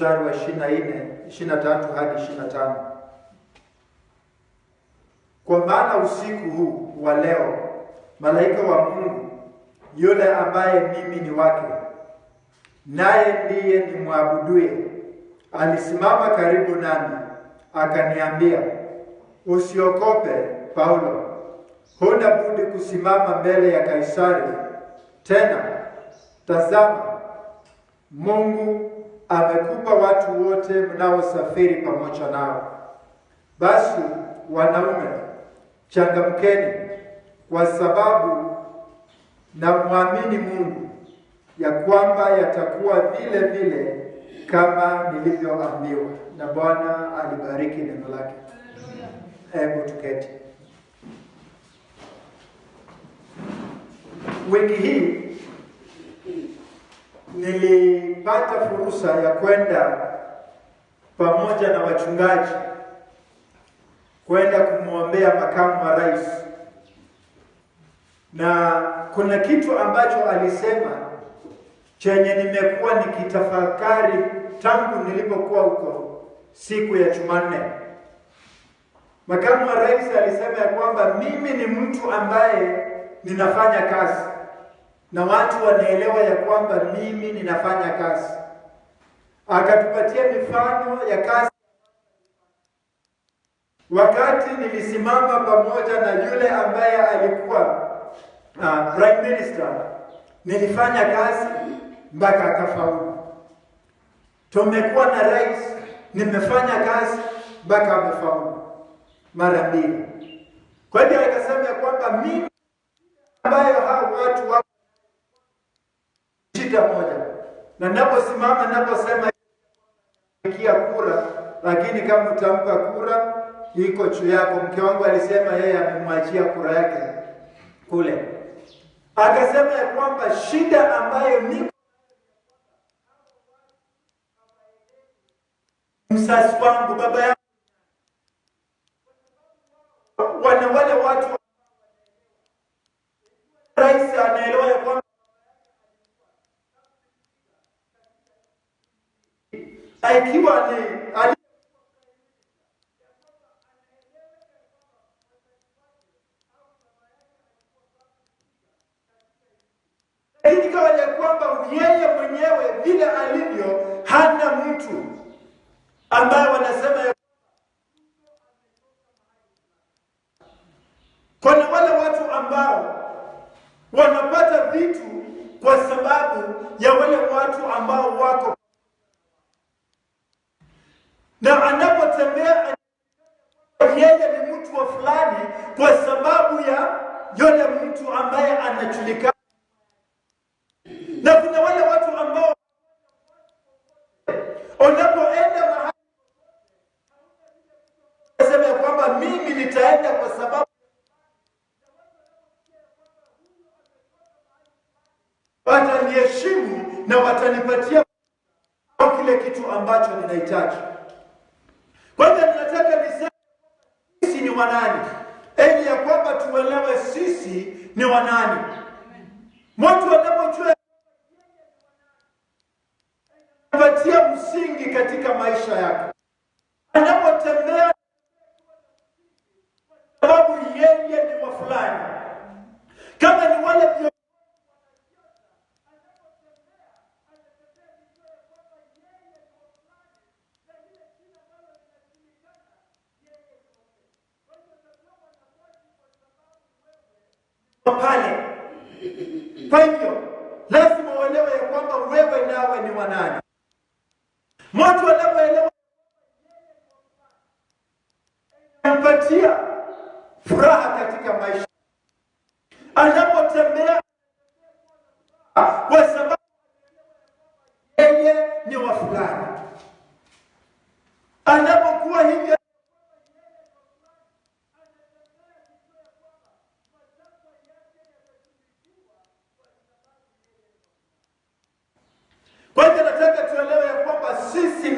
mstari wa 24, 23 hadi 25. Kwa maana usiku huu wa leo malaika wa Mungu yule ambaye mimi ni wake naye ndiye ni mwabuduye alisimama karibu nami akaniambia, usiokope Paulo, huna budi kusimama mbele ya Kaisari. Tena tazama, Mungu amekupa watu wote mnaosafiri pamoja nao. Basi wanaume, changamkeni kwa sababu na mwamini Mungu ya kwamba yatakuwa vile vile kama nilivyoambiwa. Na Bwana alibariki neno lake. Hebu tuketi. Wiki hii nilipata fursa ya kwenda pamoja na wachungaji kwenda kumwombea makamu wa rais, na kuna kitu ambacho alisema chenye nimekuwa nikitafakari tangu nilipokuwa huko siku ya Jumanne. Makamu wa rais alisema ya kwamba mimi ni mtu ambaye ninafanya kazi na watu wanaelewa ya kwamba mimi ninafanya kazi. Akatupatia mifano ya kazi. Wakati nilisimama pamoja na yule ambaye alikuwa uh, prime minister, nilifanya kazi mpaka akafaulu. Tumekuwa na rais, nimefanya kazi mpaka amefaulu mara mbili. Kwa hivyo akasema kwamba mimi ambayo hao watu wa shida moja, na ninaposimama ninaposema kia kura, lakini kama utampa kura iko juu yako. Mke wangu alisema yeye amemwachia kura yake kule, akasema ya kwamba shida ambayo niko msasi wangu baba yangu wana wale watu rais anaelewa ya kwamba na ikiwa ni ya kwamba yeye mwenyewe vile alivyo hana mtu ambaye wanasema atanipatia kile kitu ambacho ninahitaji. Kwanza ninataka niseme sisi ni wanani, ili ya kwamba tuelewe sisi ni wanani. Mtu anapojua anapatia msingi katika maisha yake, anapotembea sababu yeye ni wa fulani, kama ni wale Thank you. Let's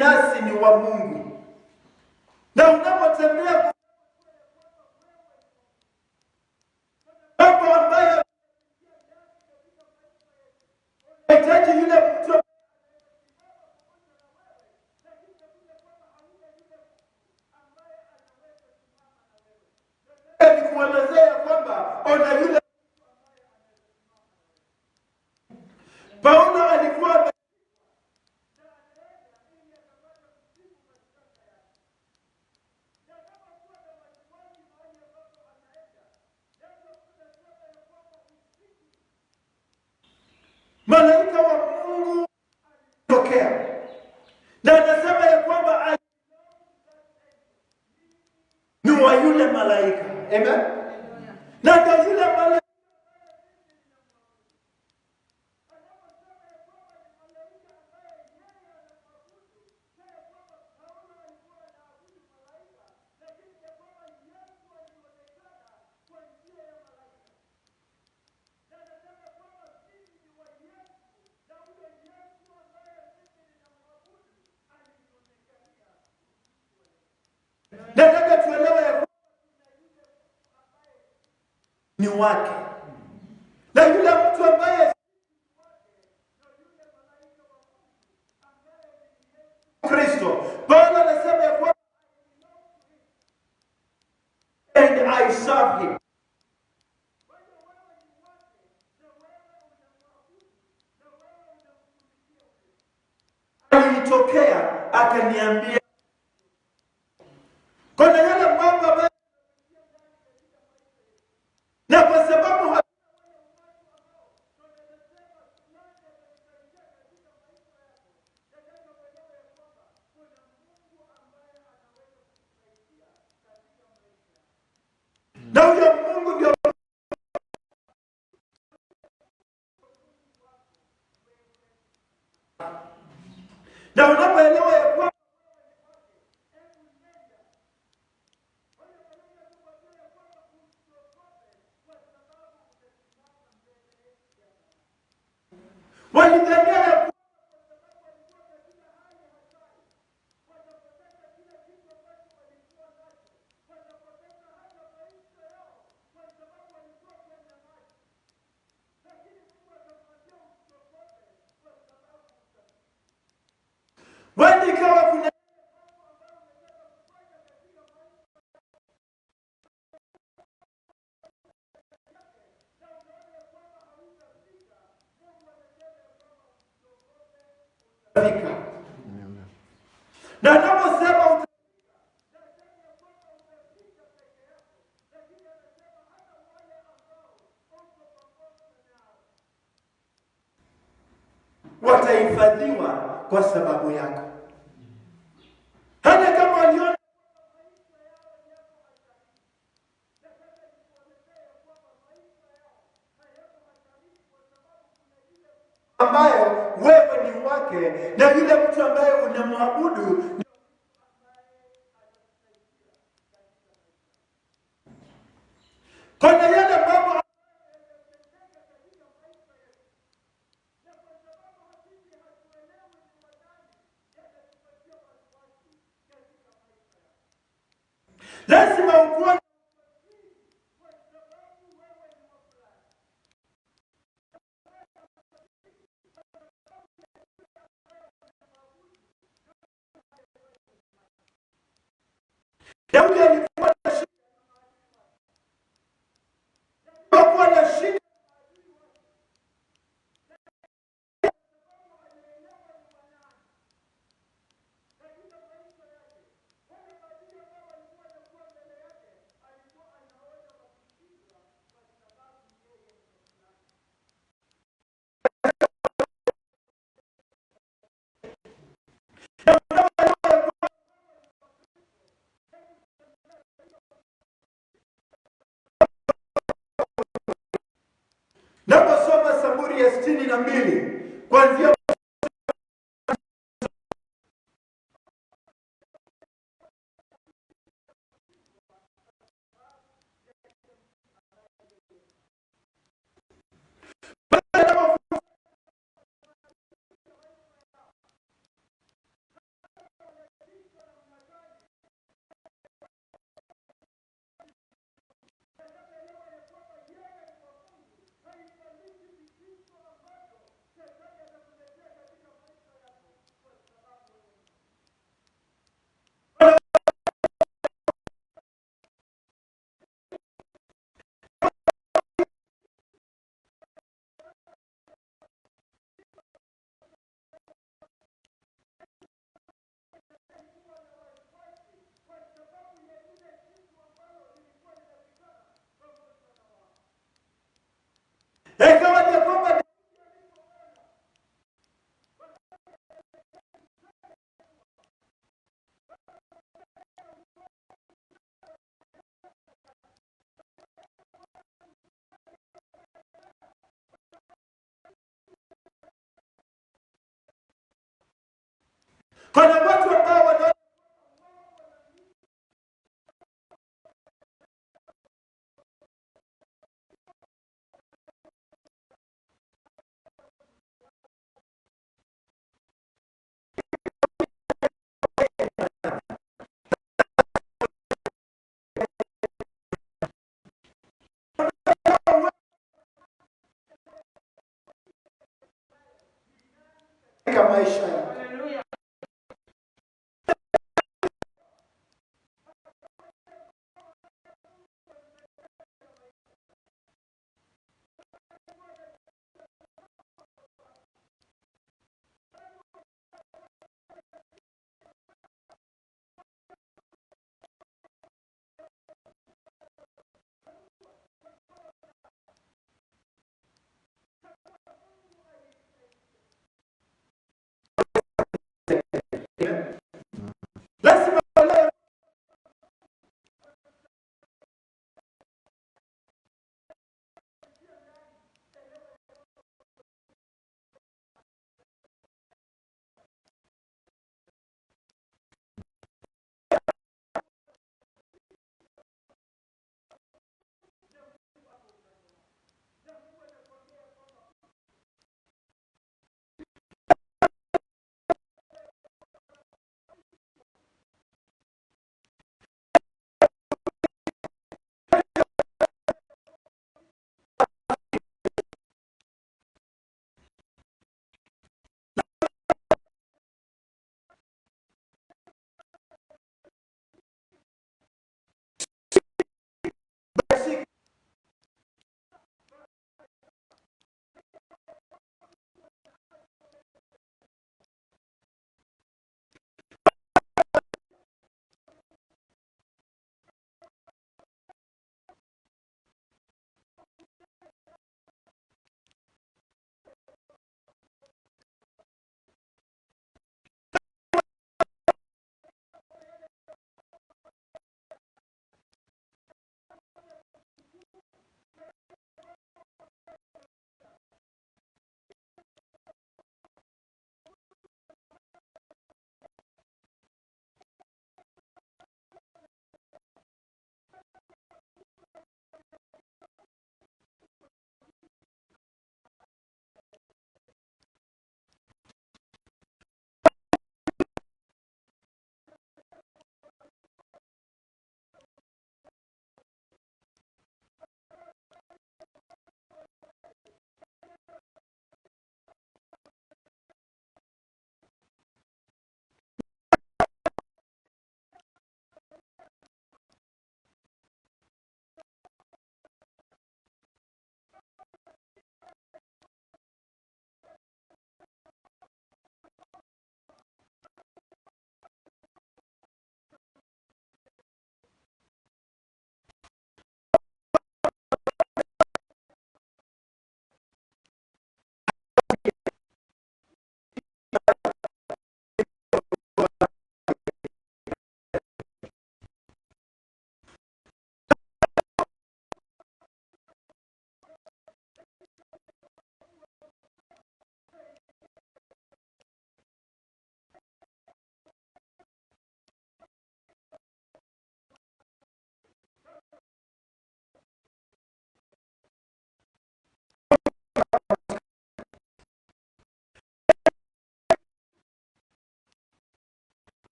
nasi ni wa Mungu, na unapotembea Newark, ambayo wewe ni wake na yule mtu ambaye unamwabudu É o que ele é. na mbili kuanzia Kuna watu ambao wana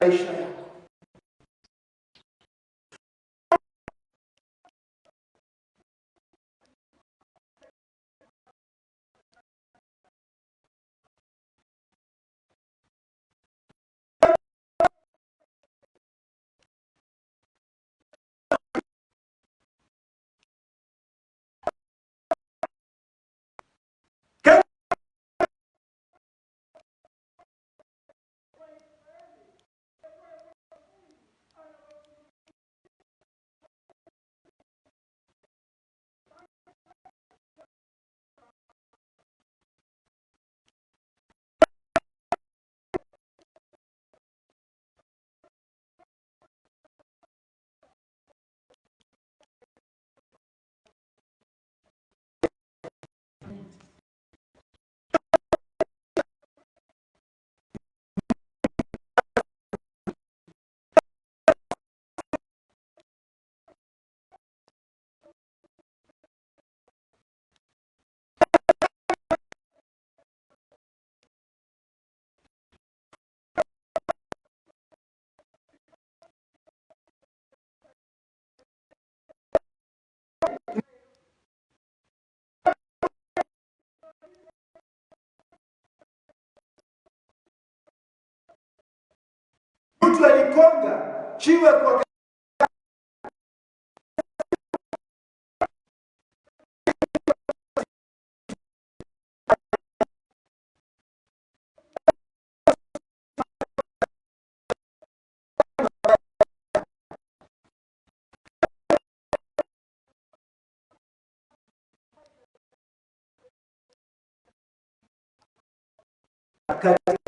a Israel. conga, tio é coca. Gracias.